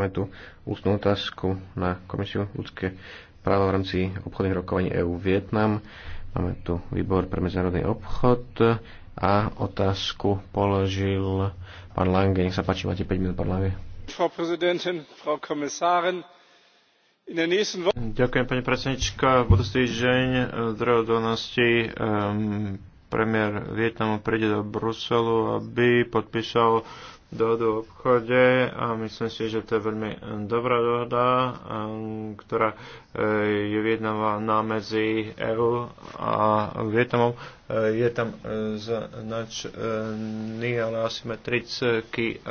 Máme tu ústnu otázku na Komisiu ľudské práva v rámci obchodných rokovaní EU Vietnam. Máme tu výbor pre medzinárodný obchod a otázku položil pán Lange. Nech sa páči, máte 5 minút, pán Lange. Ďakujem, pani predsednička. Budúci deň 2.12. Eh, ehm, premiér Vietnamu príde do Bruselu, aby podpísal dohodu o obchode a myslím si, že to je veľmi eh, dobrá dohoda, eh, ktorá eh, je vyjednávaná medzi EU a Vietnamom. Je tam značný, ale asymetrický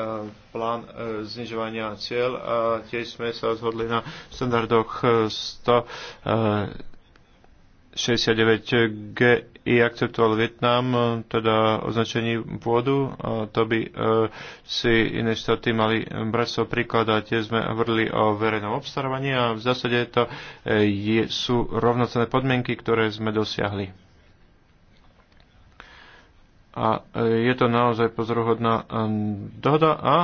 plán znižovania cieľ a tiež sme sa zhodli na standardoch 169 G i akceptoval Vietnam, e, teda označení pôdu. A e, to by e, si iné štáty mali brať svoj príklad a tie sme hovorili o verejnom obstarávaní a v zásade to je, sú rovnocené podmienky, ktoré sme dosiahli. A je to naozaj pozoruhodná dohoda a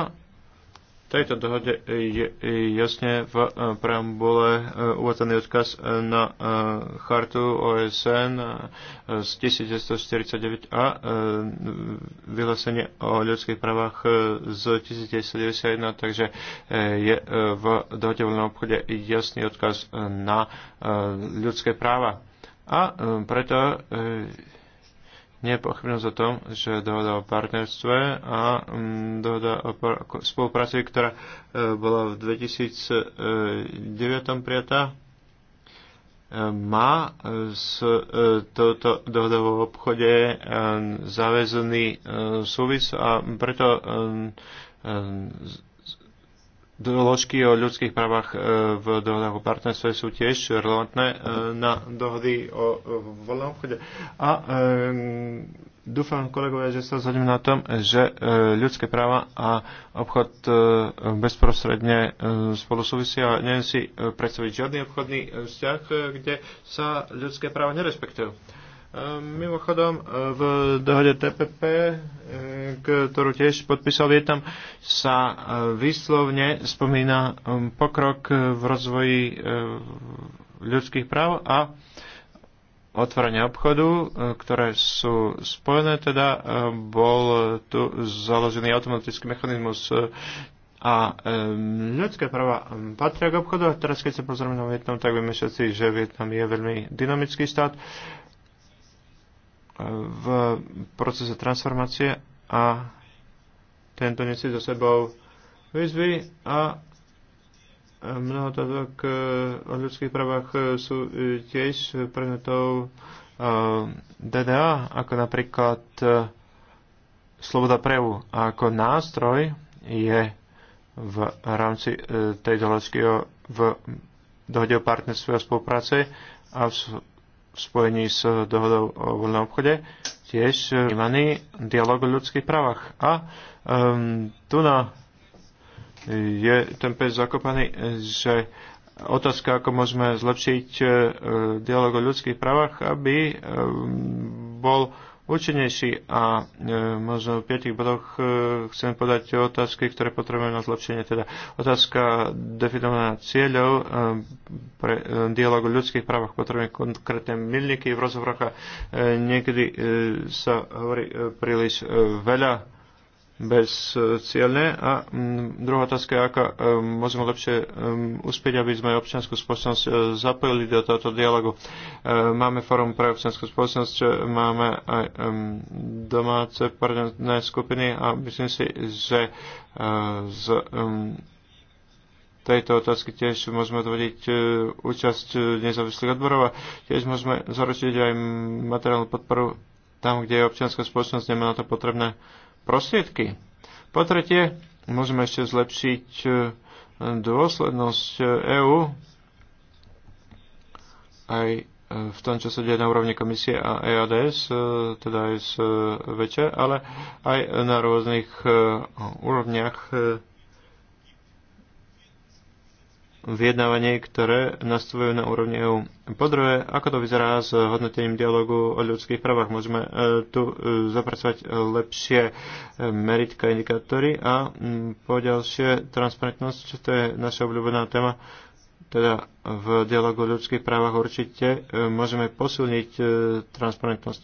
tejto dohode je jasne v eh, preambule eh, uvedený odkaz eh, na chartu OSN z 1949 a vyhlásenie o ľudských právach z 1991, takže je v dohode o obchode jasný odkaz na ľudské práva. A preto nie je pochybnosť o tom, že dohoda o partnerstve a mm, dohoda o spolupráci, ktorá e, bola v 2009 prijatá, e, má e, s touto dohodou o obchode záväzný súvis a preto Doložky o ľudských právach e, v dohodách o partnerstve sú tiež relevantné e, na dohody o voľnom obchode. A e, dúfam, kolegovia, že sa zhodneme na tom, že ľudské práva a obchod bezprostredne spolu súvisia. Neviem si predstaviť žiadny obchodný vzťah, kde sa ľudské práva nerespektujú Mimochodom, v dohode TPP, e, ktorú tiež podpísal Vietnam, sa e, výslovne spomína um, pokrok v rozvoji e, ľudských práv a otvorenie obchodu, ktoré sú spojené, teda bol tu založený automatický mechanizmus a ľudské práva um, patria k obchodu a teraz keď sa pozrieme na Vietnam, tak vieme všetci, že Vietnam je veľmi dynamický štát v procese transformácie a tento nesie za sebou výzvy a mnoho otázok eh, o ľudských právach eh, sú eh, tiež predmetou DDA, ako napríklad sloboda prejavu. A ako nástroj je v rámci tej doložky v dohode o partnerstve a spolupráce a v v spojení s dohodou o voľnom obchode, tiež e, vnímaný dialog o ľudských právach. A um, tu na je ten pes zakopaný, že otázka, ako môžeme zlepšiť e, dialog o ľudských právach, aby bol účinnejší a e, možno v piatich bodoch e, chcem podať otázky, ktoré potrebujeme na zlepšenie. Teda otázka definovaná cieľov e, pre e, dialog o ľudských právach potrebujeme konkrétne milníky v rozhovoroch a e, niekedy e, sa hovorí e, príliš e, veľa bezcielne. A mm, druhá otázka je, ako ehm, môžeme lepšie ehm, uspieť, aby sme občianskú spoločnosť e, zapojili do tohto dialogu. E, máme forum pre občianskú spoločnosť, e, máme aj ehm, domáce poradné skupiny a myslím si, že z tejto otázky tiež môžeme odvodiť účasť nezávislých odborov a tiež môžeme zaručiť aj materiálnu podporu tam, kde je občianská spoločnosť, nemá na to potrebné prostriedky. Po tretie, môžeme ešte zlepšiť e, dôslednosť EÚ e aj e, v tom, čo sa deje na úrovni komisie a EADS, teda aj z väčšie, ale aj na rôznych úrovniach vyjednávanie, ktoré nastavujú na úrovni EU. Po druhé, ako to vyzerá s hodnotením dialogu o ľudských právach? Môžeme e, tu e, zapracovať e, lepšie meritka, indikátory a po ďalšie transparentnosť, čo to je naša obľúbená téma, teda v dialogu o ľudských právach určite môžeme posilniť transparentnosť.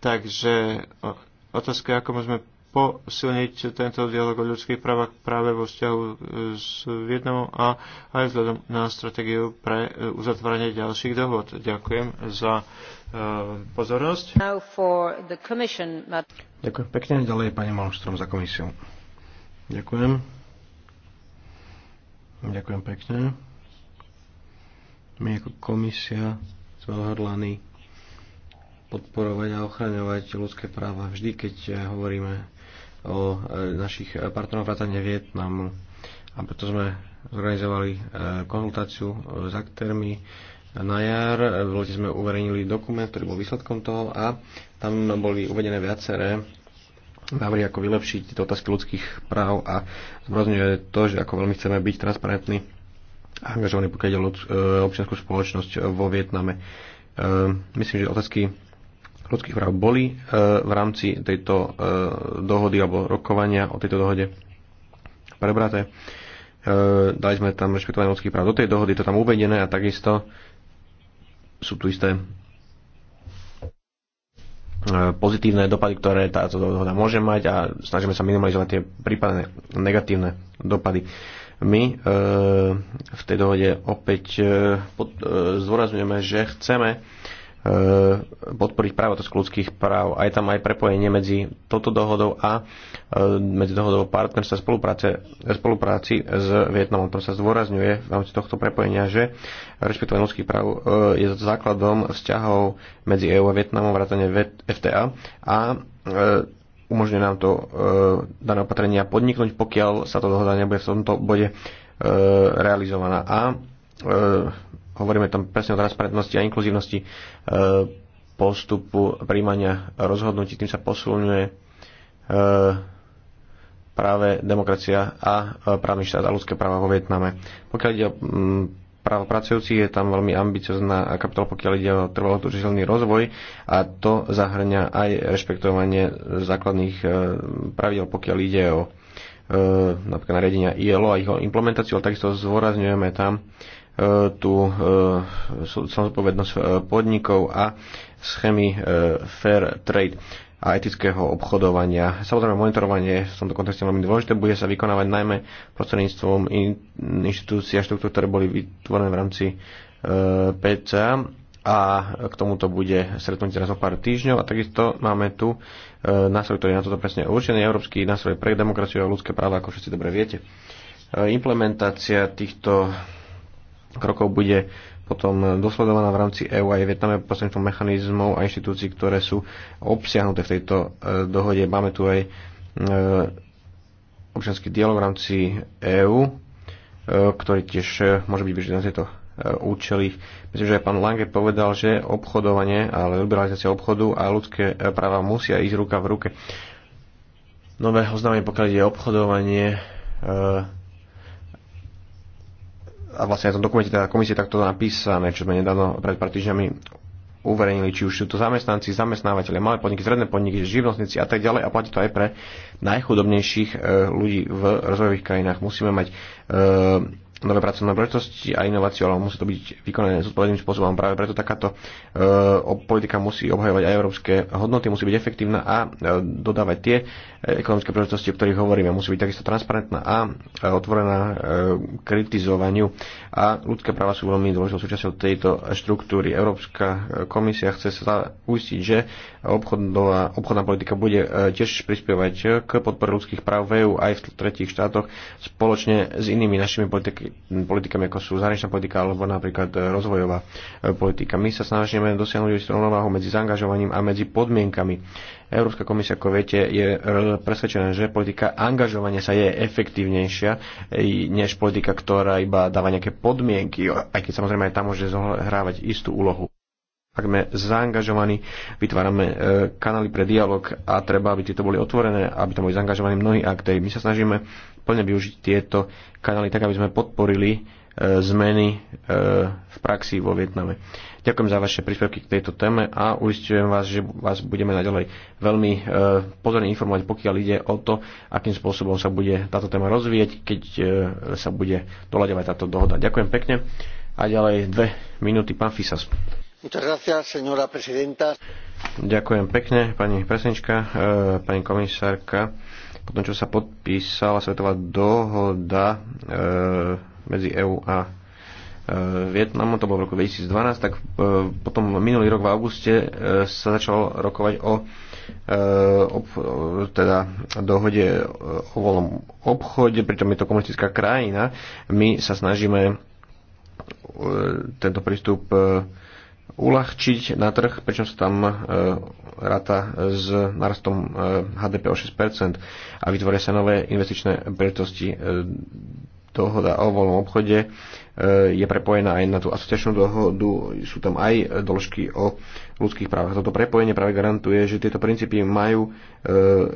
Takže otázka ako môžeme posilniť tento dialog o ľudských právach práve vo vzťahu e, s Vietnamom a aj vzhľadom na stratégiu pre e, uzatváranie ďalších dohod. Ďakujem za e, pozornosť. Ďakujem pekne. Ďalej pani Malmström za komisiu. Ďakujem. Ďakujem pekne. My ako komisia sme odhodlaní podporovať a ochraňovať ľudské práva vždy, keď hovoríme o e, našich partnerov vrátane Vietnamu. A preto sme zorganizovali e, konzultáciu s e, aktérmi na jar. V lete sme uverejnili dokument, ktorý bol výsledkom toho a tam boli uvedené viaceré návrhy, ako vylepšiť tieto otázky ľudských práv a zbrozňuje to, že ako veľmi chceme byť transparentní a angažovaní, pokiaľ ide občianskú spoločnosť vo Vietname. Myslím, že otázky ľudských práv boli e, v rámci tejto e, dohody alebo rokovania o tejto dohode prebraté. E, dali sme tam rešpektovanie ľudských práv. Do tej dohody to tam uvedené a takisto sú tu isté pozitívne dopady, ktoré táto dohoda môže mať a snažíme sa minimalizovať tie prípadné negatívne dopady. My e, v tej dohode opäť e, pod, e, zdôrazňujeme, že chceme e, Eh, podporiť práva otázku ľudských práv. A je tam aj prepojenie medzi touto dohodou a eh, medzi dohodou o partnerstve spolupráci s Vietnamom. To sa zdôrazňuje v rámci tohto prepojenia, že rešpektovanie ľudských práv eh, je základom vzťahov medzi EÚ a Vietnamom, vrátane FTA a umožňuje nám to dané opatrenia podniknúť, pokiaľ sa to dohoda nebude v tomto bode realizovaná. A hovoríme tam presne o transparentnosti a inkluzívnosti e, postupu príjmania rozhodnutí, tým sa posilňuje e, práve demokracia a e, právny štát a ľudské práva vo Vietname. Pokiaľ ide o právo pracujúcich, je tam veľmi ambiciozná kapitola, pokiaľ ide o trvalo udržateľný rozvoj a to zahrňa aj rešpektovanie základných pravidel, pokiaľ ide o napríklad nariadenia ILO a ich implementáciu, ale takisto zvorazňujeme tam E, tú e, samozodpovednosť e, podnikov a schémy fair trade a etického obchodovania. Samozrejme, monitorovanie v tomto kontexte veľmi dôležité bude sa vykonávať najmä prostredníctvom inštitúcií a štruktúr, ktoré boli vytvorené v rámci PCA a k tomuto bude stretnutie raz o pár týždňov a takisto máme tu nástroj, ktorý je na toto presne určený, Európsky nástroj pre demokraciu a ľudské práva, ako všetci dobre viete. implementácia týchto krokov bude potom dosledovaná v rámci EÚ a je Vietname prostredníctvom mechanizmov a inštitúcií, ktoré sú obsiahnuté v tejto e, dohode. Máme tu aj e, občanský dialog v rámci EÚ, e, ktorý tiež môže byť využitý na tieto účely. Myslím, že aj pán Lange povedal, že obchodovanie, ale liberalizácia obchodu a ľudské práva musia ísť ruka v ruke. Nové oznámenie, pokiaľ ide obchodovanie, a vlastne na tom dokumente teda komisie takto napísané, čo sme nedávno pred pár týždňami uverejnili, či už sú to zamestnanci, zamestnávateľe, malé podniky, zredné podniky, živnostníci a tak ďalej a platí to aj pre najchudobnejších eh, ľudí v rozvojových krajinách. Musíme mať eh, nové pracovné príležitosti a inováciu, ale musí to byť vykonané zodpovedným spôsobom. Práve preto takáto e, politika musí obhajovať aj európske hodnoty, musí byť efektívna a e, dodávať tie e, ekonomické príležitosti, o ktorých hovoríme. Musí byť takisto transparentná a e, otvorená e, kritizovaniu. A ľudské práva sú veľmi dôležitou súčasťou tejto štruktúry. Európska e, komisia chce sa uistiť, že obchodná, obchodná politika bude e, tiež prispievať k podpore ľudských práv v EU aj v tretích štátoch spoločne s inými našimi politiky, politikami, ako sú zahraničná politika alebo napríklad e, rozvojová e, politika. My sa snažíme dosiahnuť rovnováhu medzi zaangažovaním a medzi podmienkami. Európska komisia, ako viete, je presvedčená, že politika angažovania sa je efektívnejšia než politika, ktorá iba dáva nejaké podmienky, aj keď samozrejme aj tam môže zohrávať istú úlohu ak sme zaangažovaní, vytvárame e, kanály pre dialog a treba, aby tieto boli otvorené, aby tam boli zaangažovaní mnohí aktéry. My sa snažíme plne využiť tieto kanály tak, aby sme podporili e, zmeny e, v praxi vo Vietname. Ďakujem za vaše príspevky k tejto téme a uistujem vás, že vás budeme naďalej veľmi e, pozorne informovať, pokiaľ ide o to, akým spôsobom sa bude táto téma rozvíjať, keď e, sa bude doľaďovať táto dohoda. Ďakujem pekne a ďalej dve minúty pán Fisas. Ďakujem pekne, pani presnička, eh, pani komisárka. Po tom, čo sa podpísala svetová dohoda eh, medzi EÚ a eh, Vietnamom, to bolo v roku 2012, tak potom minulý rok v auguste sa začalo rokovať o ob, teda dohode o voľnom obchode, pričom je to komunistická krajina. My sa snažíme tento prístup uľahčiť na trh, pričom sa tam e, rata s narastom e, HDP o 6% a vytvoria sa nové investičné príležitosti. E, dohoda o voľnom obchode e, je prepojená aj na tú asociačnú dohodu, sú tam aj doložky o ľudských právach. Toto prepojenie práve garantuje, že tieto princípy majú e,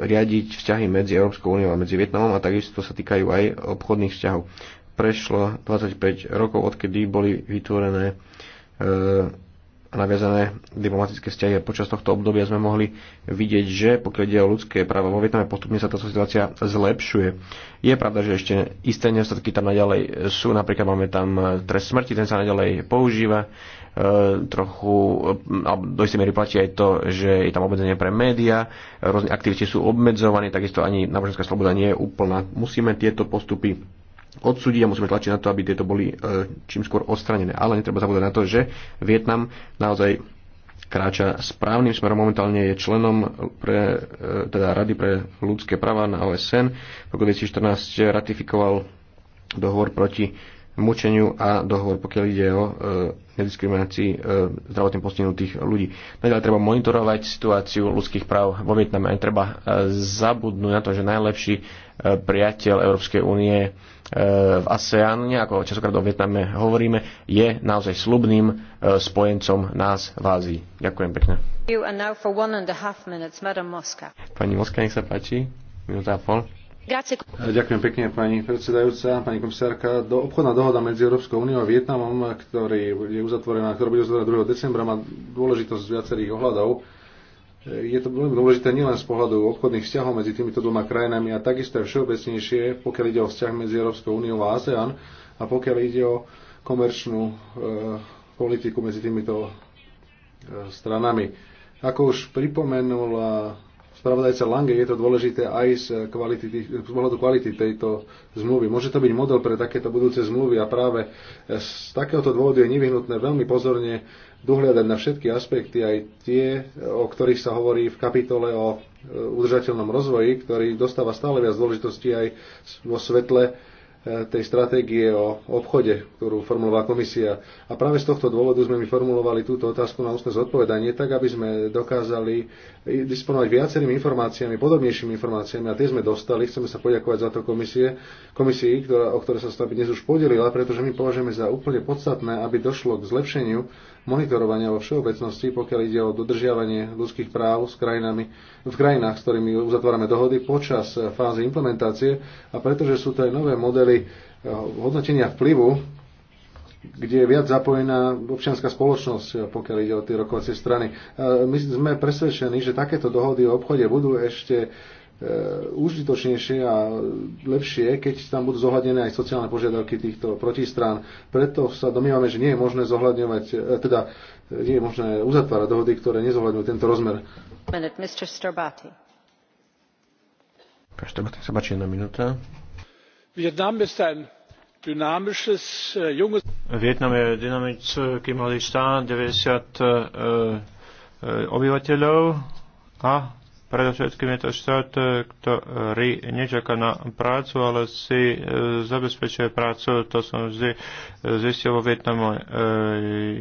riadiť vzťahy medzi Európskou úniou a medzi Vietnamom a takisto sa týkajú aj obchodných vzťahov. Prešlo 25 rokov, odkedy boli vytvorené e, a naviazané diplomatické vzťahy. Počas tohto obdobia sme mohli vidieť, že pokiaľ ide o ľudské práva vo Vietname, postupne sa táto situácia zlepšuje. Je pravda, že ešte isté nedostatky tam naďalej sú. Napríklad máme tam trest smrti, ten sa naďalej používa. E, trochu, e, a do istej miery platí aj to, že je tam obmedzenie pre médiá, rôzne aktivity sú obmedzované, takisto ani náboženská sloboda nie je úplná. Musíme tieto postupy odsúdiť a musíme tlačiť na to, aby tieto boli e, čím skôr odstranené. Ale netreba zabúdať na to, že Vietnam naozaj kráča správnym smerom. Momentálne je členom pre, e, teda Rady pre ľudské práva na OSN. V roku 2014 ratifikoval dohovor proti mučeniu a dohovor, pokiaľ ide o e, nediskriminácii e, zdravotne postihnutých ľudí. Naďalej treba monitorovať situáciu ľudských práv vo Vietname. Aj treba e, zabudnúť na to, že najlepší e, priateľ Európskej únie v ASEAN, ako častokrát o Vietname hovoríme, je naozaj slubným e, spojencom nás v Ázii. Ďakujem pekne. Pani Moska, nech sa páči. Minúta a pol. E, ďakujem pekne, pani predsedajúca, pani komisárka. Do, obchodná dohoda medzi Európskou úniou a Vietnamom, ktorý je uzatvorená, ktorá bude uzatvorená 2. decembra, má dôležitosť z viacerých ohľadov je to veľmi dôležité nielen z pohľadu obchodných vzťahov medzi týmito dvoma krajinami a takisto aj všeobecnejšie, pokiaľ ide o vzťah medzi Európskou úniou a ASEAN a pokiaľ ide o komerčnú e, politiku medzi týmito e, stranami. Ako už pripomenula spravodajca Lange, je to dôležité aj z, kvality, z pohľadu kvality tejto zmluvy. Môže to byť model pre takéto budúce zmluvy a práve z takéhoto dôvodu je nevyhnutné veľmi pozorne dohľadať na všetky aspekty, aj tie, o ktorých sa hovorí v kapitole o e, udržateľnom rozvoji, ktorý dostáva stále viac dôležitosti aj vo svetle E, tej stratégie o obchode, ktorú formulovala komisia. A práve z tohto dôvodu sme my formulovali túto otázku na ústne zodpovedanie, tak aby sme dokázali e, disponovať viacerými informáciami, podobnejšími informáciami a tie sme dostali. Chceme sa poďakovať za to komisie, komisii, ktorá, o ktorej sa s dnes už podelila, pretože my považujeme za úplne podstatné, aby došlo k zlepšeniu monitorovania vo všeobecnosti, pokiaľ ide o dodržiavanie ľudských práv s krajinami, v krajinách, s ktorými uzatvárame dohody počas fázy implementácie a pretože sú to aj nové modely eh, hodnotenia vplyvu, kde je viac zapojená občianská spoločnosť, eh, pokiaľ ide o tie rokovacie strany. Eh, my sme presvedčení, že takéto dohody o obchode budú ešte E, užitočnejšie a lepšie, keď tam budú zohľadnené aj sociálne požiadavky týchto protistrán. Preto sa domývame, že nie je možné zohľadňovať, e, teda e, nie je možné uzatvárať dohody, ktoré nezohľadňujú tento rozmer. Vietnam je dynamický mladý štát, 90 obyvateľov a Predovšetkým je to štát, ktorý nečaká na prácu, ale si e, zabezpečuje prácu. To som vždy e, zistil vo Vietnamu. E,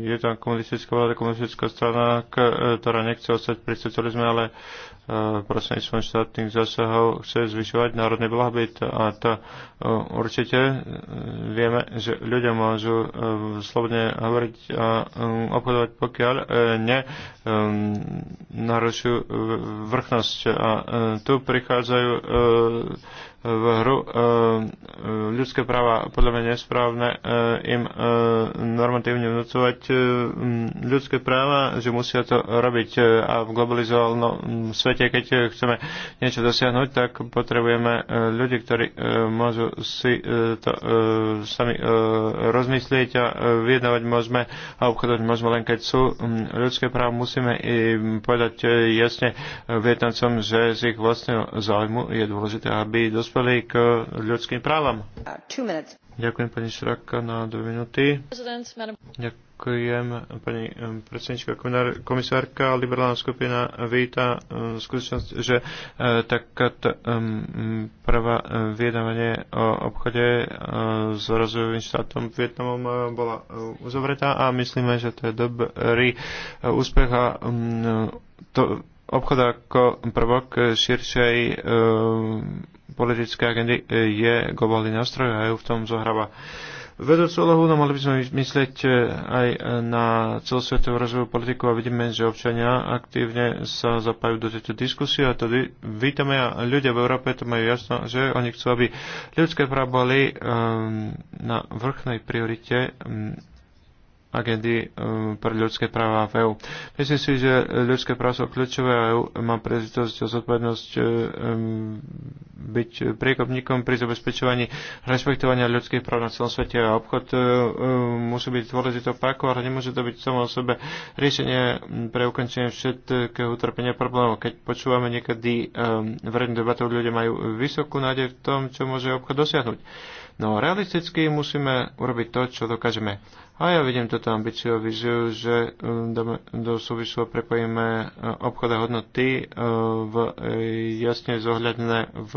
je tam komunistická vláda, komunistická strana, e, ktorá nechce ostať pri socializme, ale prostredníctvom štátnych zásahov chce zvyšovať národný blahobyt a to e, určite e, vieme, že ľudia môžu e, slobodne hovoriť a obchodovať, pokiaľ ne narušujú vrchnosť. A tu prichádzajú v hru. E, e, ľudské práva podľa mňa nesprávne e, im normatívne vnúcovať ľudské práva, že musia to robiť a v globalizovanom svete, keď chceme niečo dosiahnuť, tak potrebujeme ľudí, ktorí môžu si to sami rozmyslieť a vyjednávať môžeme a obchodovať môžeme len keď sú ľudské práva, musíme i povedať jasne vietnancom, že z ich vlastného záujmu je dôležité, aby dosť dospeli k ľudským právam. Ďakujem pani Šraka na dve minúty. Ďakujem pani eh, predsednička komisárka. Liberálna skupina víta eh, skutočnosť, že eh, takáto mm, prvá vyjednávanie o obchode s rozvojovým štátom Vietnamom bola uzavretá a myslíme, že to je dobrý úspech a mm, to Obchod ako prvok širšej e, politickej agendy e, je globálny nástroj a EU v tom zohráva vedúcu úlohu, no mali by sme myslieť e, aj na celosvetovú rozvoju politiku a vidíme, že občania aktívne sa zapájú do tejto diskusie a tedy vítame a ľudia v Európe to majú jasno, že oni chcú, aby ľudské práva boli um, na vrchnej priorite um, agendy eh, pre ľudské práva v EÚ. Myslím si, že ľudské práva sú kľúčové a EÚ má prezitosť a zodpovednosť eh, byť priekopníkom pri zabezpečovaní rešpektovania ľudských práv na celom svete a obchod eh, musí byť dôležitou pákou, ale nemôže to byť samo o sebe riešenie pre ukončenie všetkého utrpenia problémov. Keď počúvame niekedy verejnú debatu, ľudia majú vysokú nádej v tom, čo môže obchod dosiahnuť No realisticky musíme urobiť to, čo dokážeme. A ja vidím túto ambíciu a viziu, že um, do, do prepojíme uh, obchod a hodnoty uh, v uh, jasne zohľadné v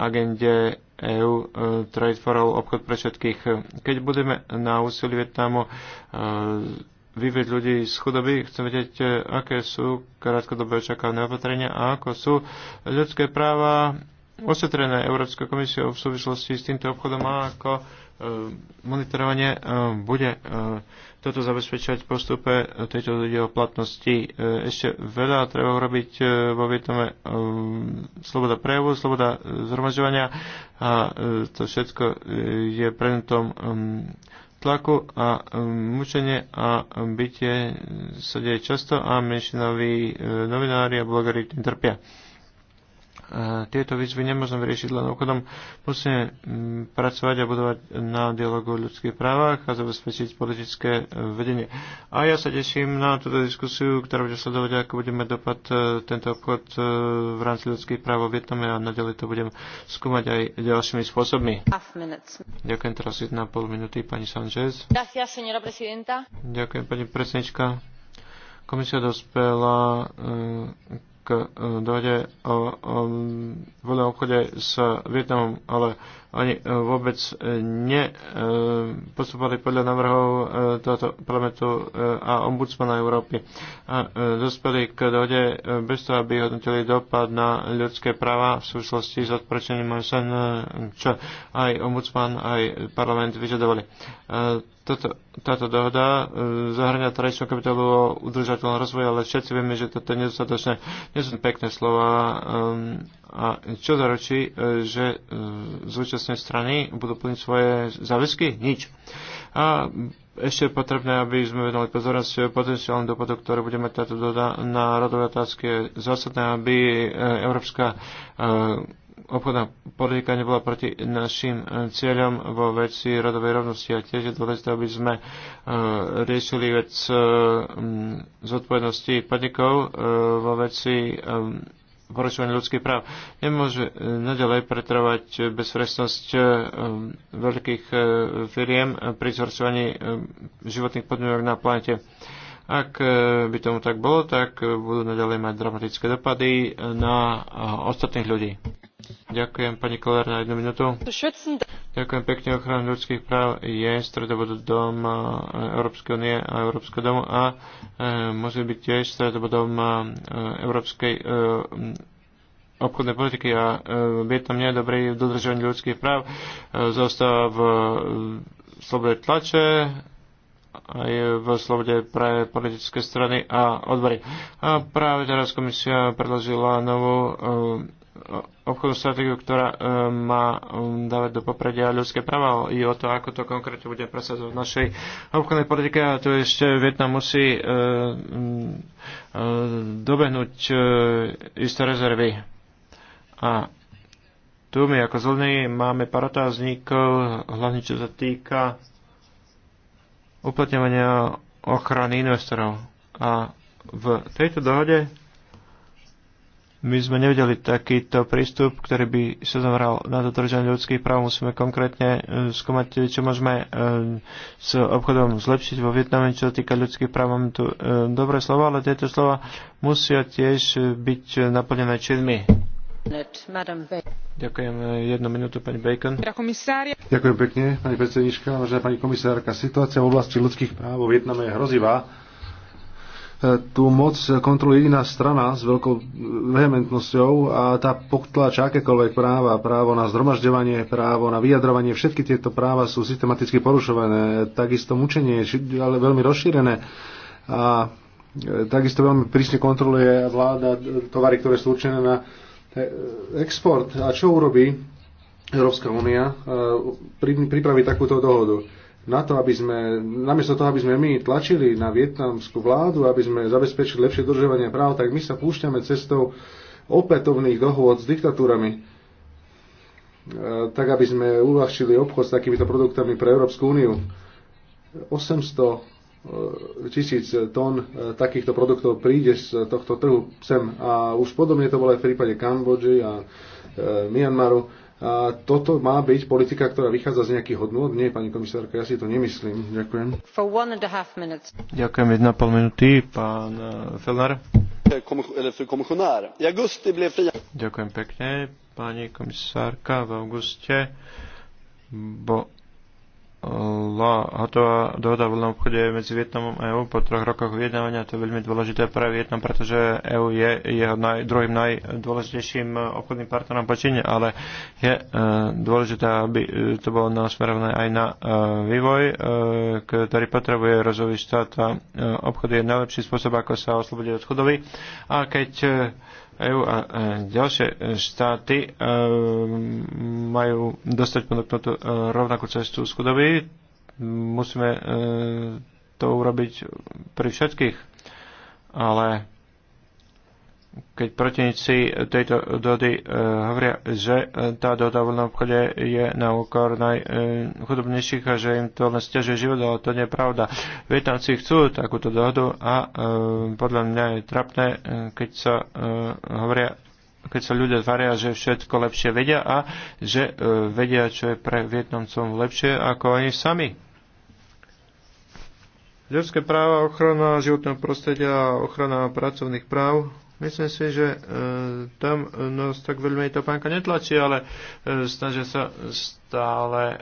agende EU Trade for All obchod pre všetkých. Keď budeme na úsilí Vietnamu vyvieť ľudí z chudoby, chcem vedieť, aké sú krátkodobé očakávané opatrenia a ako sú ľudské práva ošetrené Európskou komisiou v súvislosti s týmto obchodom a ako e, monitorovanie e, bude e, toto zabezpečovať v postupe tejto ľudia o platnosti. Ešte veľa treba urobiť vo Vietname sloboda prejavu, sloboda zhromažďovania a to všetko je predmetom tlaku a mučenie a bytie sa deje často a menšinoví novinári a blogeri trpia tieto výzvy nemôžeme vyriešiť len obchodom. Musíme mm, pracovať a budovať na dialogu o ľudských právach a zabezpečiť politické e, vedenie. A ja sa teším na túto diskusiu, ktorá bude sledovať, ako budeme dopad e, tento obchod e, v rámci ľudských práv vo Vietname a nadalej to budem skúmať aj ďalšími spôsobmi. Ďakujem teraz pol minúty pani Sanchez. Ďakujem pani predsednička. Komisia dospela k e, dohode o, o voľnom obchode s Vietnamom, ale oni e, vôbec e, nepostupovali podľa navrhov tohoto parlamentu a ombudsmana Európy. A dospeli k dohode bez toho, aby hodnotili dopad na ľudské práva v súvislosti s odporúčaním OSN, čo aj ombudsman, aj parlament vyžadovali. Toto, táto dohoda e, zahrňa tradičnú kapitolu o udržateľnom rozvoji, ale všetci vieme, že toto je nedostatočné. Nie sú pekné slova. E, a čo zaručí, e, že e, zúčastné strany budú plniť svoje záväzky? Nič. A ešte je potrebné, aby sme vedeli pozornosť potenciálnym dopadom, ktoré bude mať táto dohoda na rodové otázky. Zásadné, aby e, Európska e, obchodná politika nebola proti našim e, cieľom vo veci rodovej rovnosti a tiež je dôležité, aby sme e, riešili vec e, zodpovednosti podnikov vo veci porušovanie ľudských práv. Nemôže nadalej pretrvať bezfresnosť veľkých firiem pri zhoršovaní životných podmienok na planete. Ak by tomu tak bolo, tak budú nadalej mať dramatické dopady na ostatných ľudí. Ďakujem pani Kolár na jednu minútu. Ďakujem pekne. ochranu ľudských práv je stredobodom e, Európskej únie a Európskeho domu a e, musí byť tiež stredobodom e, Európskej e, obchodnej politiky a e, tam nie je dobrý v ľudských práv. E, zostáva v e, slobode tlače, aj v slobode pre politické strany a odbory. A práve teraz komisia predložila novú e, obchodnú stratégiu, ktorá e, má um, dávať do popredia ľudské práva. I o to, ako to konkrétne bude presadzovať v našej obchodnej politike. A tu ešte Vietnam musí e, mm, e, dobehnúť isté rezervy. A tu my ako zlní máme pár otáznikov, hlavne čo sa týka uplatňovania ochrany investorov. A v tejto dohode my sme nevedeli takýto prístup, ktorý by sa zameral na dodržanie ľudských práv. Musíme konkrétne e, skúmať, čo môžeme e, s obchodom zlepšiť vo Vietname, čo sa týka ľudských práv. Máme tu e, dobré slova, ale tieto slova musia tiež byť naplnené činmi. Ďakujem. Jednu minútu, pani Bacon. Ďakujem pekne, pani predsednička, vážená pani komisárka. Situácia v oblasti ľudských práv vo Vietname je hrozivá tú moc kontroluje jediná strana s veľkou vehementnosťou a tá potláča akékoľvek práva, právo na zhromažďovanie, právo na vyjadrovanie, všetky tieto práva sú systematicky porušované. Takisto mučenie je ale veľmi rozšírené a e, takisto veľmi prísne kontroluje vláda tovary, ktoré sú určené na e, export. A čo urobí Európska únia? E, pripraví takúto dohodu na to, aby sme, namiesto toho, aby sme my tlačili na vietnamskú vládu, aby sme zabezpečili lepšie dodržovanie práv, tak my sa púšťame cestou opätovných dohôd s diktatúrami, e, tak aby sme uľahčili obchod s takýmito produktami pre Európsku úniu. 800 e, tisíc tón e, takýchto produktov príde z tohto trhu sem. A už podobne to bolo aj v prípade Kambodži a Myanmaru a toto má byť politika, ktorá vychádza z nejakých hodnot? Nie, pani komisárka, ja si to nemyslím. Ďakujem. Ďakujem, jedna pol minúty, pán eh, Felnár. Ďakujem pekne, pani komisárka. V auguste bo hotová dohoda o voľnom obchode medzi Vietnamom a EÚ po troch rokoch vyjednávania. To je veľmi dôležité pre Vietnam, pretože EÚ je jeho naj, druhým najdôležitejším e, obchodným partnerom po Číne, ale je uh, dôležité, aby e, to bolo nasmerované aj na uh, vývoj, uh, ktorý potrebuje rozvoj štát a uh, obchod je najlepší spôsob, ako sa oslobodiť od chudoby. A keď uh, EÚ a e, ďalšie e, štáty e, majú dostať ponúknutú rovnakú cestu z chudoby. Musíme to urobiť pri všetkých, ale keď protivníci tejto dody e, hovoria, že e, tá dohoda v voľnom obchode je na úkor najchudobnejších e, a že im to len stiažuje život, ale to nie je pravda. Vietnamci chcú takúto dohodu a e, podľa mňa je trapné, e, keď sa e, hovoria keď sa ľudia tvária, že všetko lepšie vedia a že e, vedia, čo je pre Vietnamcom lepšie ako oni sami. Ľudské práva, ochrana životného prostredia a ochrana pracovných práv Myslím si, že e, tam nás no, tak veľmi to pánka netlačí, ale e, snažia sa stále e,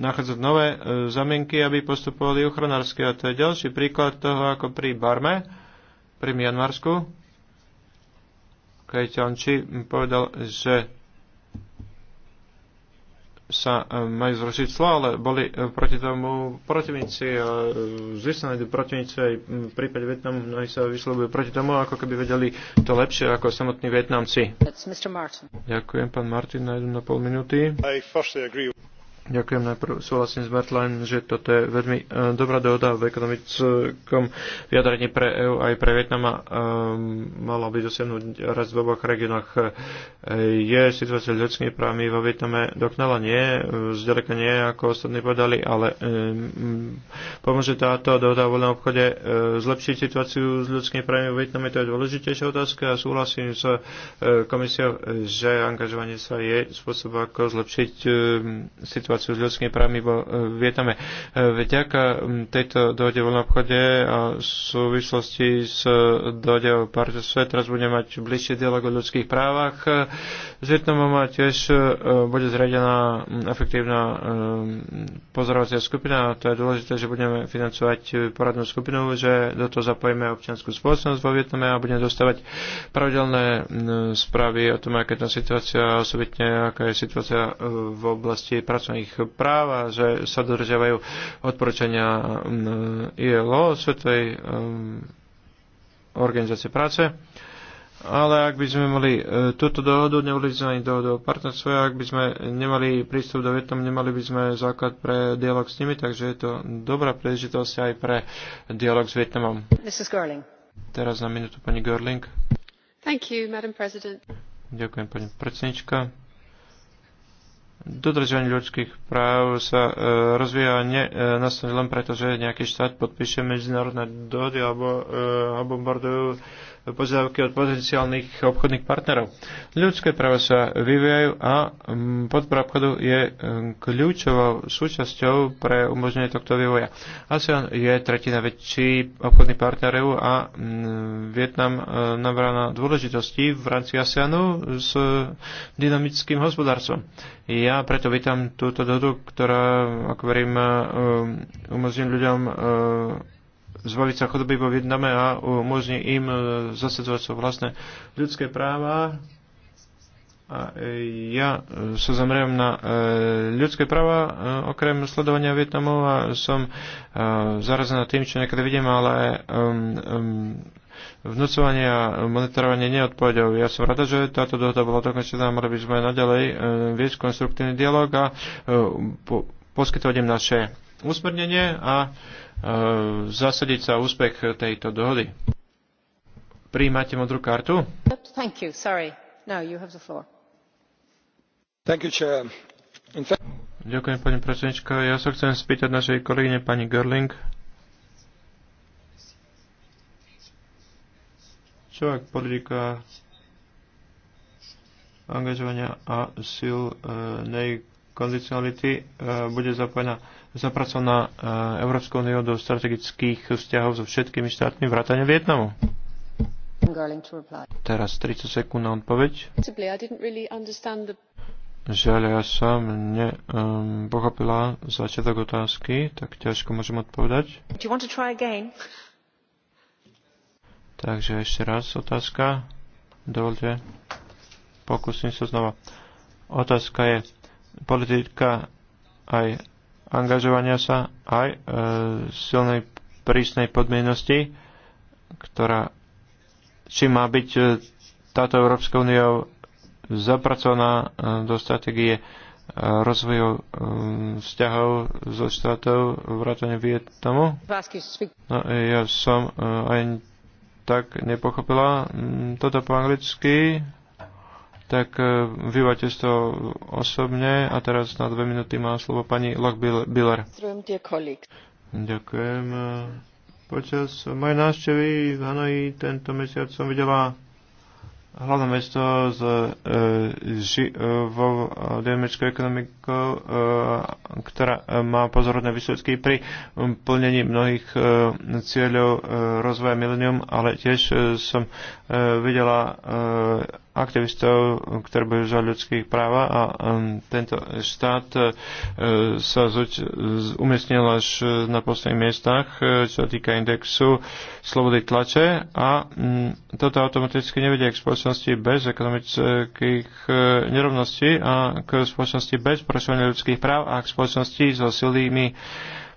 nachádzať nové e, zamienky, aby postupovali ochranárske. A to je ďalší príklad toho, ako pri Barme, pri Mianmarsku, keď či povedal, že sa e, majú zrušiť slo, ale boli e, proti tomu protivníci a e, zvyšne nájdú protivníci aj v prípade Vietnamu, mnohí sa vyslovujú proti tomu, ako keby vedeli to lepšie ako samotní Vietnamci. Ďakujem, pán Martin, nájdem na pol minúty. Ďakujem najprv. Súhlasím s Bertlein, že toto je veľmi e, dobrá dohoda v ekonomickom vyjadrení pre EU aj pre Vietnama, um, e, mala by dosiahnuť raz v oboch regiónoch. E, je situácia s ľudskými právami vo Vietname dokonala? Nie, zďaleka nie, ako ostatní povedali, ale um, pomôže táto dohoda o voľnom obchode um, zlepšiť situáciu s ľudskými právami vo Vietname? To je dôležitejšia otázka a súhlasím s komisiou, že angažovanie sa je spôsob, ako zlepšiť um, situáciu situáciu s ľudskými právami vo e, Vietname. E, vďaka tejto dohode voľnom obchode a v súvislosti s e, dohode o partnerstve teraz budeme mať bližšie dialog o ľudských právach s Vietnamom tiež bude zriadená efektívna pozorovacia skupina a to je dôležité, že budeme financovať poradnú skupinu, že do toho zapojíme občianskú spoločnosť vo Vietname a budeme dostávať pravidelné správy o tom, aká je tá situácia, osobitne aká je situácia v oblasti pracovných základných práv a že sa dodržiavajú odporúčania ILO, Svetovej organizácie práce. Ale ak by sme mali e, túto dohodu, neboli by sme ani dohodu o partnerstve, ak by sme nemali prístup do Vietnamu, nemali by sme základ pre dialog s nimi, takže je to dobrá príležitosť aj pre dialog s Vietnamom. Teraz na minútu pani Görling. Thank you, Madam President. Ďakujem, pani predsednička dodržanie ľudských práv sa e, rozvíja ne, e, na len preto, že nejaký štát podpíše medzinárodné dohody alebo, e, alebo bombardujú požiadavky od potenciálnych obchodných partnerov. Ľudské práva sa vyvíjajú a mm, podpora obchodu je mm, kľúčovou súčasťou pre umožnenie tohto vývoja. ASEAN je tretí najväčší obchodný partner EU a mm, Vietnam e, nabrá na dôležitosti v rámci ASEANu s dynamickým hospodárstvom. Ja preto vítam túto dohodu, ktorá, ako verím, e, umožní ľuďom e, zbaviť sa chodoby vo Vietname a umožní im e, zasadzovať svoje vlastné ľudské práva. A e, ja e, sa zameriam na ľudské práva, okrem sledovania Vietnamu a som zarazená tým, čo niekedy vidím, ale vnúcovanie a monitorovanie neodpovedov. Ja som rada, že táto dohoda bola dokončená, mali by sme naďalej viesť konstruktívny dialog a poskytovať im naše usmernenie a e, zasadiť sa úspech tejto dohody. Prijímate modrú kartu? Thank you. Sorry. No, you have the floor. Thank you, Chair. In fact... Ďakujem, pani predsednička. Ja sa chcem spýtať našej kolegyne pani Gerling. Čo ak politika angažovania a sil e, nej kondicionality e, bude zapojená? zapracoval na e, Európsku úniu do strategických vzťahov so všetkými štátmi vrátane Vietnamu. Teraz 30 sekúnd na odpoveď. Žiaľ, ja som nepochopila um, začiatok otázky, tak ťažko môžem odpovedať. Takže ešte raz otázka. Dovolte. Pokúsim sa znova. Otázka je politika aj angažovania sa aj e, silnej prísnej podmienosti, ktorá či má byť e, táto Európska únia zapracovaná e, do stratégie e, e vzťahov so štátov vrátane Vietnamu. No, ja som aj tak nepochopila toto po anglicky tak e, vyvate to osobne. A teraz na dve minúty má slovo pani Lok-Biller. Ďakujem. E, počas mojej návštevy v Hanoji tento mesiac som videla hlavné mesto z, e, ži, e, vo dynamickou ekonomikou, e, ktorá e, má pozorodné výsledky pri plnení mnohých e, cieľov e, rozvoja milenium, ale tiež e, som e, videla e, aktivistov, ktorí bojujú za ľudských práva a tento štát e, sa umiestnil až na posledných miestach, e, čo týka indexu slobody tlače a toto automaticky nevedie k spoločnosti bez ekonomických e, nerovností a k spoločnosti bez porušovania ľudských práv a k spoločnosti so silnými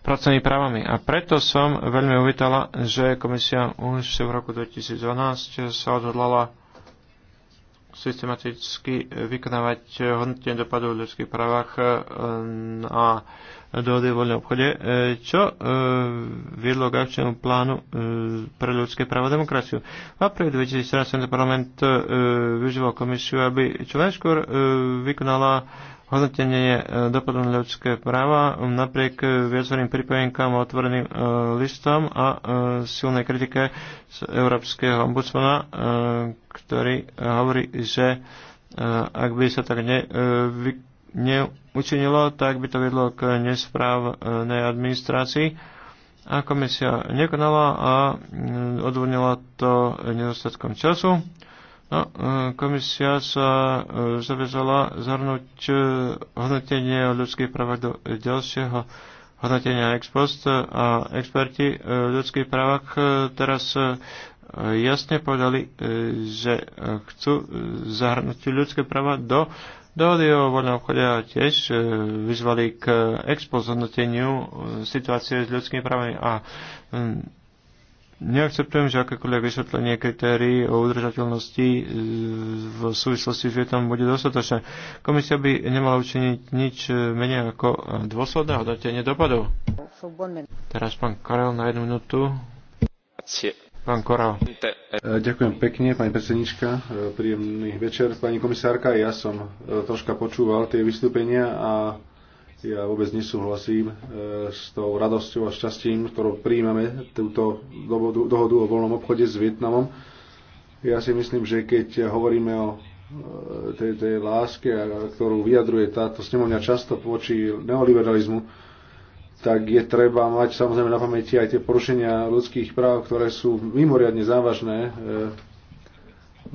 pracovnými právami. A preto som veľmi uvítala, že komisia už v roku 2012 sa odhodlala systematicky vykonávať hodnotenie dopadov v ľudských právach e, a dohody o voľnom obchode, e, čo e, viedlo k akčnému plánu pre ľudské práva a demokraciu. V apríli 2017 parlament vyžíval komisiu, aby čo najskôr vykonala hodnotenie je e, na ľudské práva napriek e, viacerým pripojenkám a otvoreným e, listom a silnej kritike z Európskeho ombudsmana, ktorý hovorí, že ak by sa tak ne, neučinilo, tak by to vedlo k nesprávnej administrácii a komisia nekonala a odvodnila to nedostatkom času. No, e, komisia sa e, zavezala zhrnúť e, hodnotenie o ľudských právach do ďalšieho hodnotenia ex post a experti v ľudských právach teraz jasne povedali, že chcú zahrnúť ľudské práva do dohody o voľnom obchode a tiež vyzvali k expozhodnoteniu situácie s ľudskými právami a Neakceptujem, že akékoľvek vysvetlenie kritérií o udržateľnosti e, v súvislosti s Vietnamom bude dostatočné. Komisia by nemala učiniť nič menej ako dôsledné hodnotenie dopadov. Teraz pán Karel na jednu minútu. Pán Koral. E, ďakujem pekne, pani predsednička. E, príjemný večer, pani komisárka. Ja som troška počúval tie vystúpenia a ja vôbec nesúhlasím e, s tou radosťou a šťastím, ktorou príjmame túto dohodu o voľnom obchode s Vietnamom. Ja si myslím, že keď hovoríme o e, tej, tej láske, ktorú vyjadruje táto snemovňa často voči neoliberalizmu, tak je treba mať samozrejme na pamäti aj tie porušenia ľudských práv, ktoré sú mimoriadne závažné. E,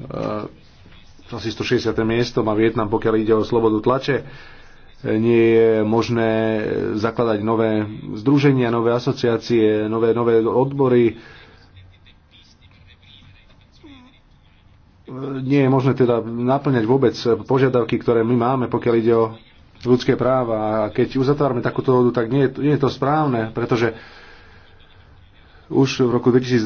e, asi 160. miesto má Vietnam, pokiaľ ide o slobodu tlače. E, nie je možné zakladať nové združenia, nové asociácie, nové, nové odbory. Nie je možné teda naplňať vôbec požiadavky, ktoré my máme, pokiaľ ide o ľudské práva. A keď uzatvárame takúto dohodu, tak nie, nie je to správne, pretože už v roku 2012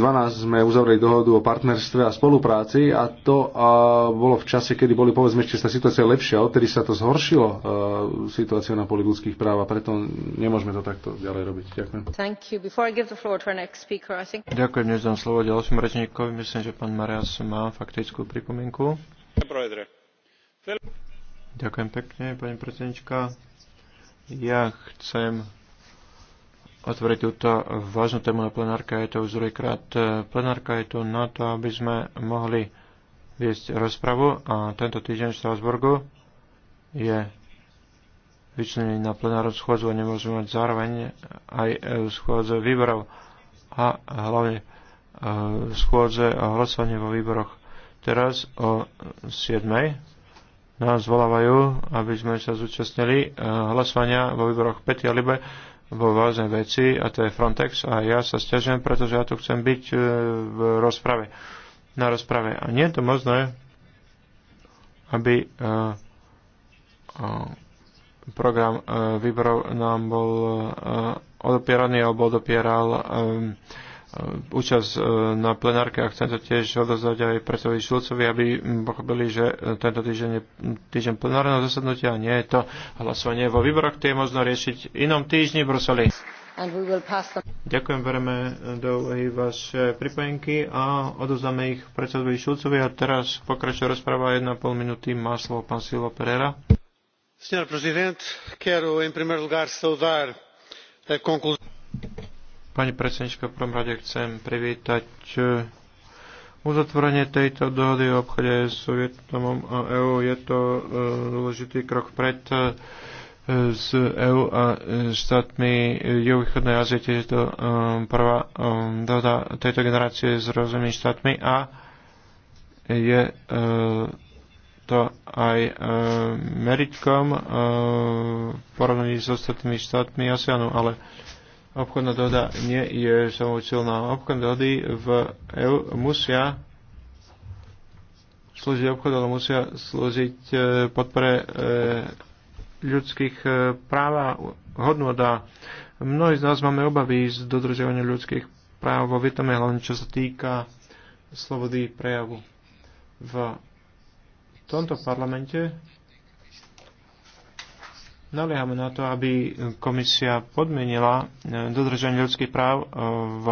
sme uzavreli dohodu o partnerstve a spolupráci a to a, bolo v čase, kedy boli povedzme ešte tá situácia lepšia, odtedy sa to zhoršilo, uh, situácia na poli ľudských práv a preto nemôžeme to takto ďalej robiť. Ďakujem. Thank you. I give the floor to next speaker, I think... Ďakujem, než dám slovo ďalším rečníkovi. Myslím, že pán Marias má faktickú pripomienku. Ďakujem pekne, pani predsednička. Ja chcem otvoriť túto vážnu tému na plenárka. Je to už druhýkrát. Plenárka je to na to, aby sme mohli viesť rozpravu a tento týždeň v Strasburgu je vyčlenený na plenárnu schôdzu a nemôžeme mať zároveň aj e, schôdze výborov a hlavne e, schôdze a hlasovanie vo výboroch. Teraz o 7. nás volávajú, aby sme sa zúčastnili e, hlasovania vo výboroch 5. Libe vo vážnej veci, a to je Frontex, a ja sa stiažujem, pretože ja tu chcem byť e, v rozprave, na rozprave. A nie je to možné, aby e, e, program výborov nám bol odopieraný alebo odopieral Eh, účasť eh, na plenárke a chcem to tiež odozvať aj predsedovi Šulcovi, aby hm, pochopili, že eh, tento týždeň je týždeň plenárneho zasadnutia a nie je to hlasovanie vo výboroch, tie možno riešiť inom týždni v Bruseli. Ďakujem, bereme do úvahy vaše pripojenky a odozdáme ich predsedovi Šulcovi a teraz pokračuje rozpráva 1,5 minúty. Má slovo pán Silo Pereira. Senhor Presidente, quero in primer lugar saudar a Pani predsednička, v prvom rade chcem privítať e, uzatvorenie tejto dohody o obchode s Vietnamom a EÚ. Je to e, dôležitý krok pred e, s EU a štátmi juhovýchodnej Ázie, tiež to prvá dohoda tejto generácie s rozumnými štátmi a je to aj meritkom v porovnaní s ostatnými štátmi ASEANu, ale obchodná dohoda nie je samoučelná. Obchodné dohody v EU musia slúžiť obchod, ale musia slúžiť e, podpore e, ľudských e, práv a hodnota. mnohí z nás máme obavy z dodržovania ľudských práv vo Vietname, hlavne čo sa týka slobody prejavu. V tomto parlamente Naliehame na to, aby komisia podmenila e, dodržanie ľudských práv e, v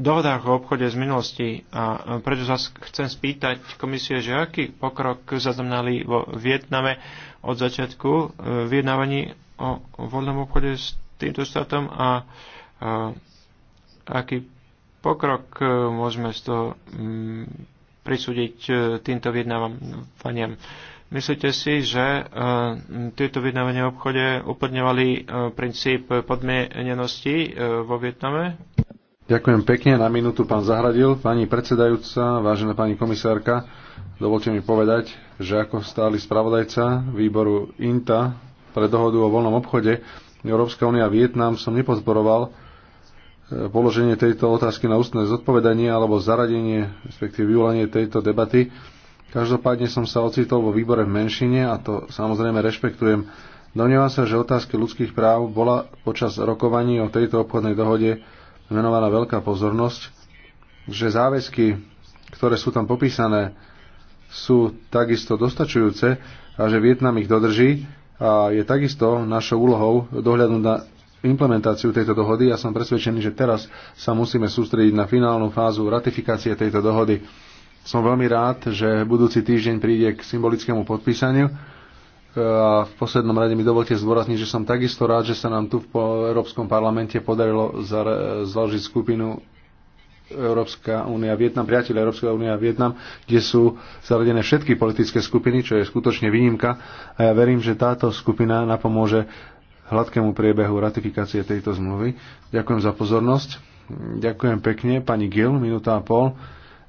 dohodách o obchode z minulosti. A e, preto sa chcem spýtať komisie, že aký pokrok zaznamenali vo Vietname od začiatku vyjednávaní o voľnom obchode s týmto štátom a, a aký pokrok môžeme z toho mm, prisúdiť týmto vyjednávaniam. Myslíte si, že eh, tieto vyjednávania v obchode uh, princíp podmienenosti eh, vo Vietname? Ďakujem pekne. Na minútu pán Zahradil. Pani predsedajúca, vážená pani komisárka, dovolte mi povedať, že ako stály spravodajca výboru INTA pre dohodu o voľnom obchode Európska únia a Vietnam som nepozboroval položenie tejto otázky na ústne zodpovedanie alebo zaradenie, respektíve vyvolanie tejto debaty Každopádne som sa ocitol vo výbore v menšine a to samozrejme rešpektujem. Domnievam sa, že otázky ľudských práv bola počas rokovaní o tejto obchodnej dohode venovaná veľká pozornosť, že záväzky, ktoré sú tam popísané, sú takisto dostačujúce a že Vietnam ich dodrží a je takisto našou úlohou dohľadnúť na implementáciu tejto dohody. Ja som presvedčený, že teraz sa musíme sústrediť na finálnu fázu ratifikácie tejto dohody. Som veľmi rád, že budúci týždeň príde k symbolickému podpísaniu. A v poslednom rade mi dovolte zdôrazniť, že som takisto rád, že sa nám tu v Európskom parlamente podarilo zložiť skupinu Európska únia Vietnam, priateľe Európska únia Vietnam, kde sú zaradené všetky politické skupiny, čo je skutočne výnimka. A ja verím, že táto skupina napomôže hladkému priebehu ratifikácie tejto zmluvy. Ďakujem za pozornosť. Ďakujem pekne. Pani Gil, minúta a pol.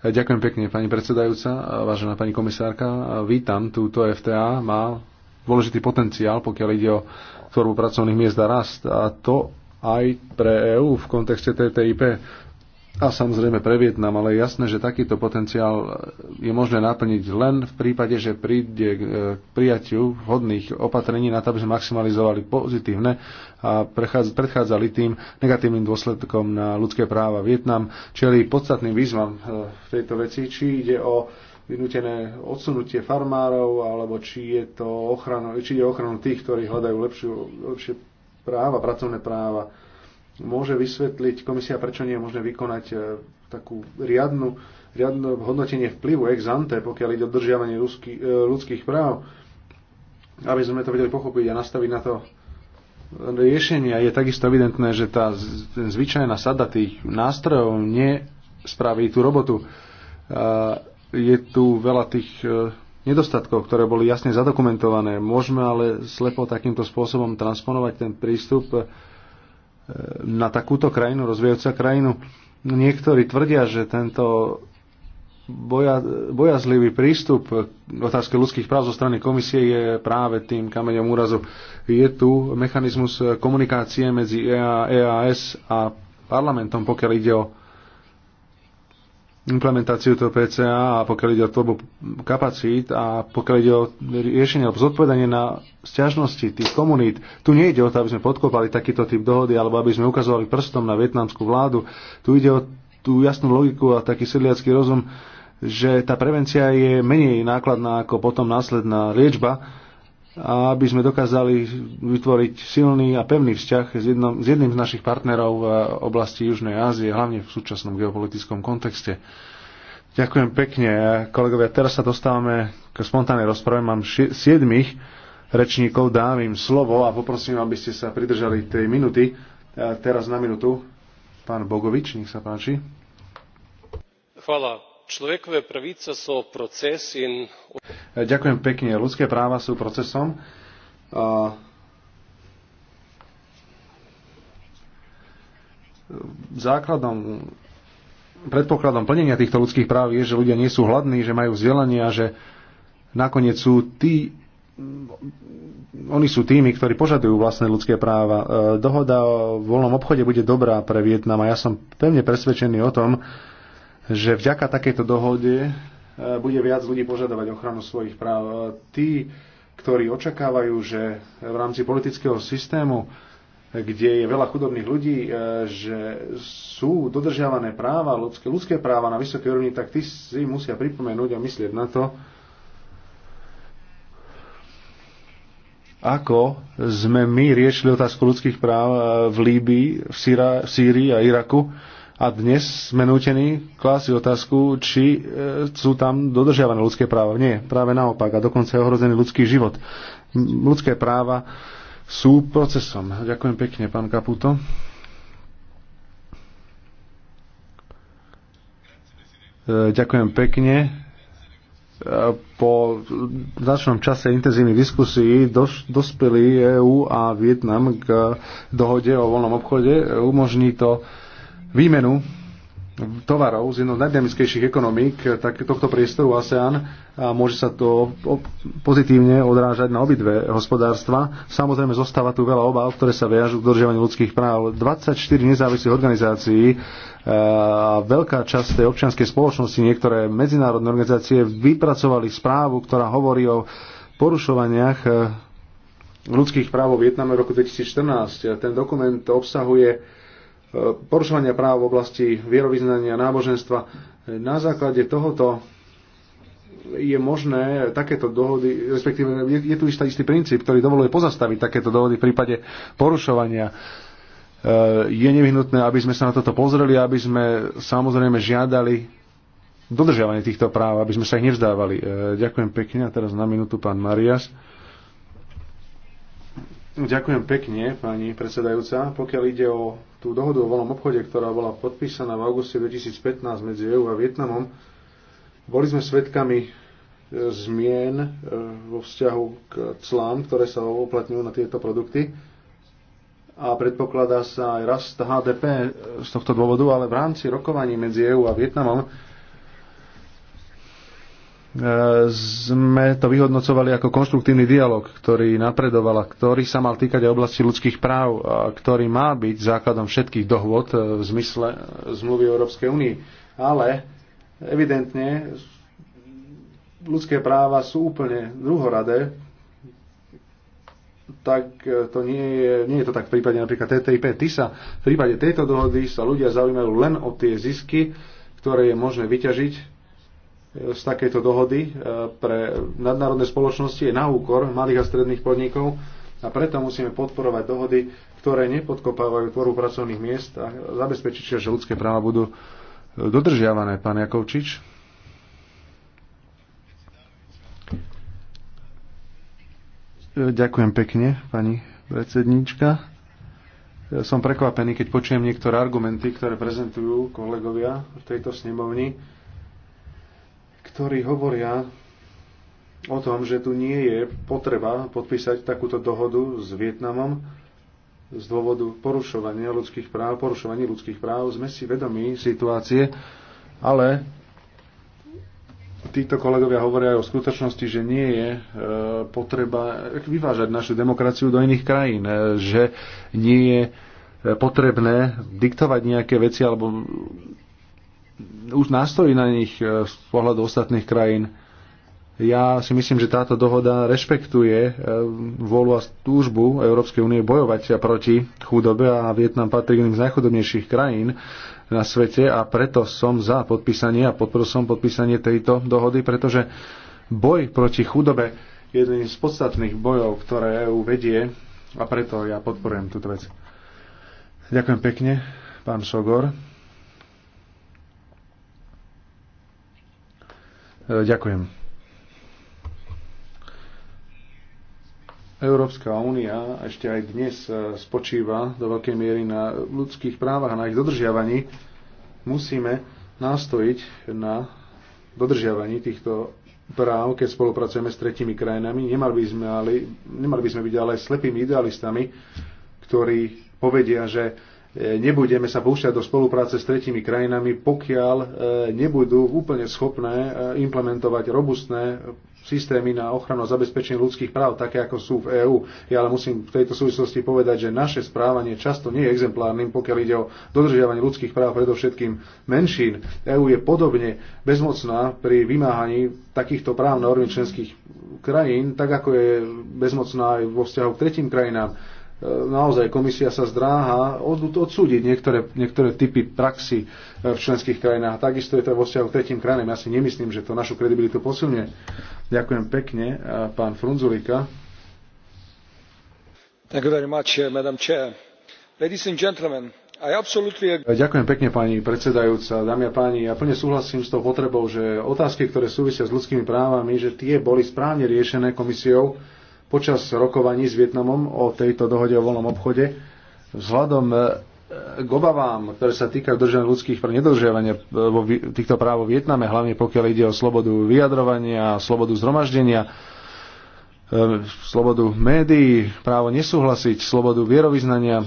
Ďakujem pekne, pani predsedajúca, vážená pani komisárka. Vítam túto FTA, má dôležitý potenciál, pokiaľ ide o tvorbu pracovných miest a rast. A to aj pre EÚ v kontexte TTIP a samozrejme pre Vietnam, ale je jasné, že takýto potenciál e, je možné naplniť len v prípade, že príde k e, prijatiu hodných opatrení na to, aby sme maximalizovali pozitívne a predchádzali tým negatívnym dôsledkom na ľudské práva. Vietnam čeli podstatným výzvam e, v tejto veci, či ide o vynútené odsunutie farmárov, alebo či, je to ochranu, či ide ochranu tých, ktorí hľadajú lepšiu, lepšie práva, pracovné práva môže vysvetliť komisia, prečo nie je možné vykonať e, takú riadnu, riadne hodnotenie vplyvu ex ante, pokiaľ ide o držiavanie ľudský, e, ľudských práv, aby sme to vedeli pochopiť a nastaviť na to riešenia. Je takisto evidentné, že tá zvyčajná sada tých nástrojov nespraví tú robotu. E, je tu veľa tých nedostatkov, ktoré boli jasne zadokumentované. Môžeme ale slepo takýmto spôsobom transponovať ten prístup na takúto krajinu, rozvíjajúca krajinu. Niektorí tvrdia, že tento boja, bojazlivý prístup k otázke ľudských práv zo strany komisie je práve tým kameňom úrazu. Je tu mechanizmus komunikácie medzi EAS e a parlamentom, pokiaľ ide o implementáciu toho PCA a pokiaľ ide o tvorbu kapacít a pokiaľ ide o riešenie alebo zodpovedanie na stiažnosti tých komunít. Tu nie ide o to, aby sme podkopali takýto typ dohody alebo aby sme ukazovali prstom na vietnamskú vládu. Tu ide o tú jasnú logiku a taký sedliacký rozum, že tá prevencia je menej nákladná ako potom následná liečba a aby sme dokázali vytvoriť silný a pevný vzťah s, jednom, s jedným z našich partnerov v oblasti Južnej Ázie, hlavne v súčasnom geopolitickom kontexte. Ďakujem pekne, kolegovia. Teraz sa dostávame k spontánnej rozprave. Mám ši- siedmých rečníkov, dám im slovo a poprosím, aby ste sa pridržali tej minuty. Teraz na minútu. Pán Bogovič, nech sa páči. Hvala pravice proces in... Ďakujem pekne. Ľudské práva sú procesom. A... Základom predpokladom plnenia týchto ľudských práv je, že ľudia nie sú hladní, že majú vzdelanie a že nakoniec sú tí, oni sú tými, ktorí požadujú vlastné ľudské práva. E, dohoda o voľnom obchode bude dobrá pre Vietnam a ja som pevne presvedčený o tom, že vďaka takejto dohode e, bude viac ľudí požadovať ochranu svojich práv. E, tí, ktorí očakávajú, že v rámci politického systému, e, kde je veľa chudobných ľudí, že sú dodržiavané práva, ľudské, ľudské práva na vysokej úrovni, tak tí si musia pripomenúť a myslieť na to, ako sme my riešili otázku ľudských práv v Líbii, v, Syra, v Sýrii a Iraku a dnes sme nutení klásť otázku, či e, sú tam dodržiavané ľudské práva. Nie, práve naopak. A dokonca je ohrozený ľudský život. M ľudské práva sú procesom. Ďakujem pekne, pán Kaputo. E, ďakujem pekne e, po značnom čase intenzívnych diskusí dos, dospeli EÚ a Vietnam k dohode o voľnom obchode. E, umožní to výmenu tovarov z jednou z najdynamickejších ekonomík eh, tak, tohto priestoru ASEAN a môže sa to pozitívne odrážať na obidve hospodárstva. Samozrejme zostáva tu veľa obav, ktoré sa viažú k dodržiavaniu ľudských práv. 24 nezávislých organizácií eh, a veľká časť tej občianskej spoločnosti, niektoré medzinárodné organizácie vypracovali správu, ktorá hovorí o porušovaniach eh, ľudských práv v Vietname v roku 2014. Ten dokument obsahuje porušovania práv v oblasti vierovýznania, náboženstva. Na základe tohoto je možné takéto dohody, respektíve je, je tu istý, istý princíp, ktorý dovoluje pozastaviť takéto dohody v prípade porušovania. E, je nevyhnutné, aby sme sa na toto pozreli, aby sme samozrejme žiadali dodržiavanie týchto práv, aby sme sa ich nevzdávali. E, ďakujem pekne a teraz na minútu pán Marias. Ďakujem pekne, pani predsedajúca. Pokiaľ ide o tú dohodu o voľnom obchode, ktorá bola podpísaná v auguste 2015 medzi EU a Vietnamom, boli sme svedkami e, zmien e, vo vzťahu k clám, ktoré sa uplatňujú na tieto produkty. A predpokladá sa aj rast HDP e, z tohto dôvodu, ale v rámci rokovaní medzi EU a Vietnamom sme to vyhodnocovali ako konštruktívny dialog, ktorý napredoval a ktorý sa mal týkať aj oblasti ľudských práv, a ktorý má byť základom všetkých dohôd e, v zmysle zmluvy Európskej únie. Ale evidentne ľudské práva sú úplne druhoradé, tak e, to nie je, nie je to tak v prípade napríklad TTIP. TISA, v prípade tejto dohody sa ľudia zaujímajú len o tie zisky, ktoré je možné vyťažiť z takejto dohody e, pre nadnárodné spoločnosti je na úkor malých a stredných podnikov a preto musíme podporovať dohody, ktoré nepodkopávajú tvorbu pracovných miest a zabezpečiť, že ľudské práva budú e, dodržiavané. Pán Jakovčič. E, ďakujem pekne, pani predsedníčka. Som prekvapený, keď počujem niektoré argumenty, ktoré prezentujú kolegovia v tejto snemovni ktorí hovoria o tom, že tu nie je potreba podpísať takúto dohodu s Vietnamom z dôvodu porušovania ľudských práv, porušovania ľudských práv. Sme si vedomí situácie, ale títo kolegovia hovoria aj o skutočnosti, že nie je e, potreba vyvážať našu demokraciu do iných krajín, e, že nie je e, potrebné diktovať nejaké veci alebo už nástojí na nich e, z pohľadu ostatných krajín. Ja si myslím, že táto dohoda rešpektuje e, vôľu a túžbu Európskej únie bojovať proti chudobe a Vietnam patrí k z najchudobnejších krajín na svete a preto som za podpísanie a podporil som podpísanie tejto dohody, pretože boj proti chudobe je jedným z podstatných bojov, ktoré EÚ vedie a preto ja podporujem túto vec. Ďakujem pekne, pán Šogor. E, ďakujem. Európska únia ešte aj dnes e, spočíva do veľkej miery na ľudských právach a na ich dodržiavaní. Musíme nástojiť na dodržiavaní týchto práv, keď spolupracujeme s tretimi krajinami. Nemali by sme, ale, nemali by sme byť ale slepými idealistami, ktorí povedia, že E, nebudeme sa púšťať do spolupráce s tretími krajinami, pokiaľ e, nebudú úplne schopné e, implementovať robustné systémy na ochranu a zabezpečenie ľudských práv, také ako sú v EÚ. Ja ale musím v tejto súvislosti povedať, že naše správanie často nie je exemplárnym, pokiaľ ide o dodržiavanie ľudských práv, predovšetkým menšín. EÚ je podobne bezmocná pri vymáhaní takýchto práv na členských krajín, tak ako je bezmocná aj vo vzťahu k tretím krajinám E, naozaj komisia sa zdráha od, odsúdiť niektoré, niektoré typy praxi e, v členských krajinách. Takisto je to vo vzťahu k tretím krajinám. Ja si nemyslím, že to našu kredibilitu posilne. Ďakujem pekne, e, pán Frunzulika. Thank you very much, uh, Madam Chair. Ladies and gentlemen, Absolutely... Ďakujem pekne, pani predsedajúca. Dámy a páni, ja plne súhlasím s tou potrebou, že otázky, ktoré súvisia s ľudskými právami, že tie boli správne riešené komisiou počas rokovaní s Vietnamom o tejto dohode o voľnom obchode vzhľadom e, k obavám, ktoré sa týkajú držania ľudských pre nedodržiavania e, týchto práv vo Vietname, hlavne pokiaľ ide o slobodu vyjadrovania, slobodu zhromaždenia, e, slobodu médií, právo nesúhlasiť, slobodu vierovýznania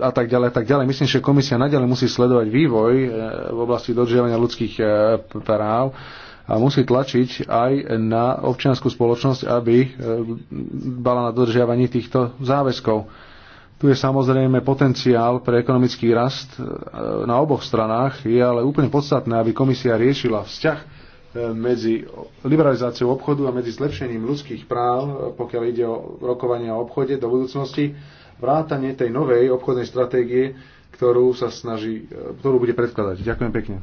a tak ďalej, a tak ďalej. Myslím, že komisia nadalej musí sledovať vývoj v oblasti dodržiavania ľudských práv a musí tlačiť aj na občianskú spoločnosť, aby e, bala na dodržiavaní týchto záväzkov. Tu je samozrejme potenciál pre ekonomický rast e, na oboch stranách, je ale úplne podstatné, aby komisia riešila vzťah e, medzi liberalizáciou obchodu a medzi zlepšením ľudských práv, pokiaľ ide o rokovanie o obchode do budúcnosti, vrátanie tej novej obchodnej stratégie, ktorú sa snaží, ktorú bude predkladať. Ďakujem pekne.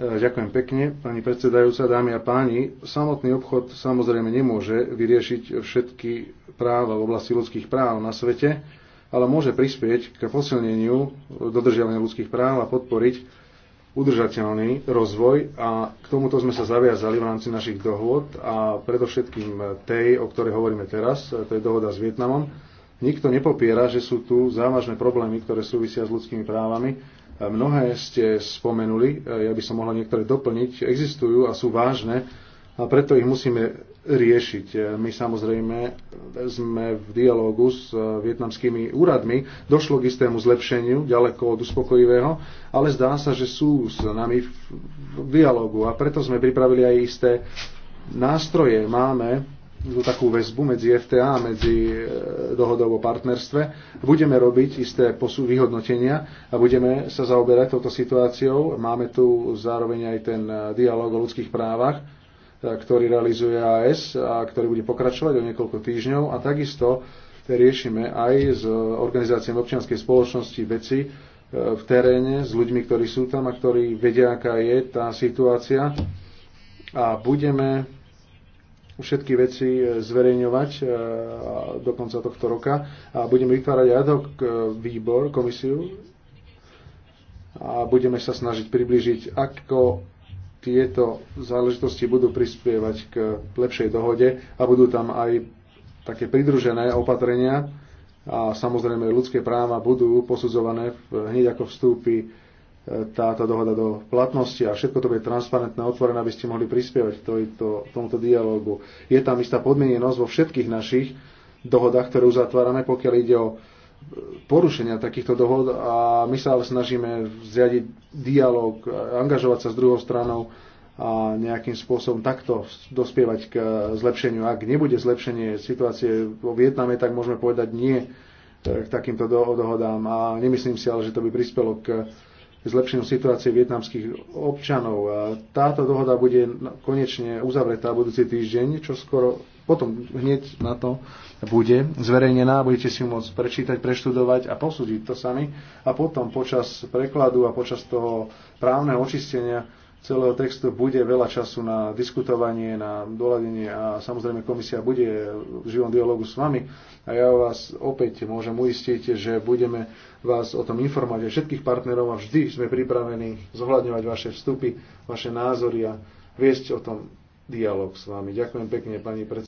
E, ďakujem pekne, pani predsedajúca, dámy a páni. Samotný obchod samozrejme nemôže vyriešiť všetky práva v oblasti ľudských práv na svete, ale môže prispieť k posilneniu dodržiavania ľudských práv a podporiť udržateľný rozvoj a k tomuto sme sa zaviazali v rámci našich dohôd a predovšetkým tej, o ktorej hovoríme teraz, to je dohoda s Vietnamom. Nikto nepopiera, že sú tu závažné problémy, ktoré súvisia s ľudskými právami Mnohé ste spomenuli, e, ja by som mohla niektoré doplniť, existujú a sú vážne a preto ich musíme riešiť. E, my samozrejme sme v dialógu s e, vietnamskými úradmi. Došlo k istému zlepšeniu, ďaleko od uspokojivého, ale zdá sa, že sú s nami v dialógu a preto sme pripravili aj isté nástroje. Máme tú takú väzbu medzi FTA a medzi e, dohodou o partnerstve. Budeme robiť isté posú vyhodnotenia a budeme sa zaoberať touto situáciou. Máme tu zároveň aj ten e, dialog o ľudských právach, e, ktorý realizuje AS a ktorý bude pokračovať o niekoľko týždňov a takisto riešime aj s organizáciami občianskej spoločnosti veci v teréne s ľuďmi, ktorí sú tam a ktorí vedia, aká je tá situácia a budeme všetky veci e, zverejňovať e, do konca tohto roka a budeme vytvárať ad hoc e, výbor, komisiu a budeme sa snažiť približiť, ako tieto záležitosti budú prispievať k lepšej dohode a budú tam aj také pridružené opatrenia a samozrejme ľudské práva budú posudzované hneď ako vstúpi táto dohoda do platnosti a všetko to bude transparentné, otvorené, aby ste mohli prispievať to, tomuto dialogu. Je tam istá podmienenosť vo všetkých našich dohodách, ktoré uzatvárame, pokiaľ ide o e, porušenia takýchto dohod a my sa ale snažíme zriadiť dialog, e, angažovať sa s druhou stranou a nejakým spôsobom takto dospievať k e, zlepšeniu. Ak nebude zlepšenie situácie vo Vietname, tak môžeme povedať nie k takýmto dohodám a nemyslím si ale, že to by prispelo k zlepšeniu situácie vietnamských občanov. Táto dohoda bude konečne uzavretá budúci týždeň, čo skoro potom hneď na to bude zverejnená, budete si ju môcť prečítať, preštudovať a posúdiť to sami a potom počas prekladu a počas toho právneho očistenia celého textu bude veľa času na diskutovanie, na doladenie a samozrejme komisia bude v živom dialogu s vami a ja vás opäť môžem uistiť, že budeme vás o tom informovať aj všetkých partnerov a vždy sme pripravení zohľadňovať vaše vstupy, vaše názory a viesť o tom dialog s vami. Ďakujem pekne, pani predsedajúca.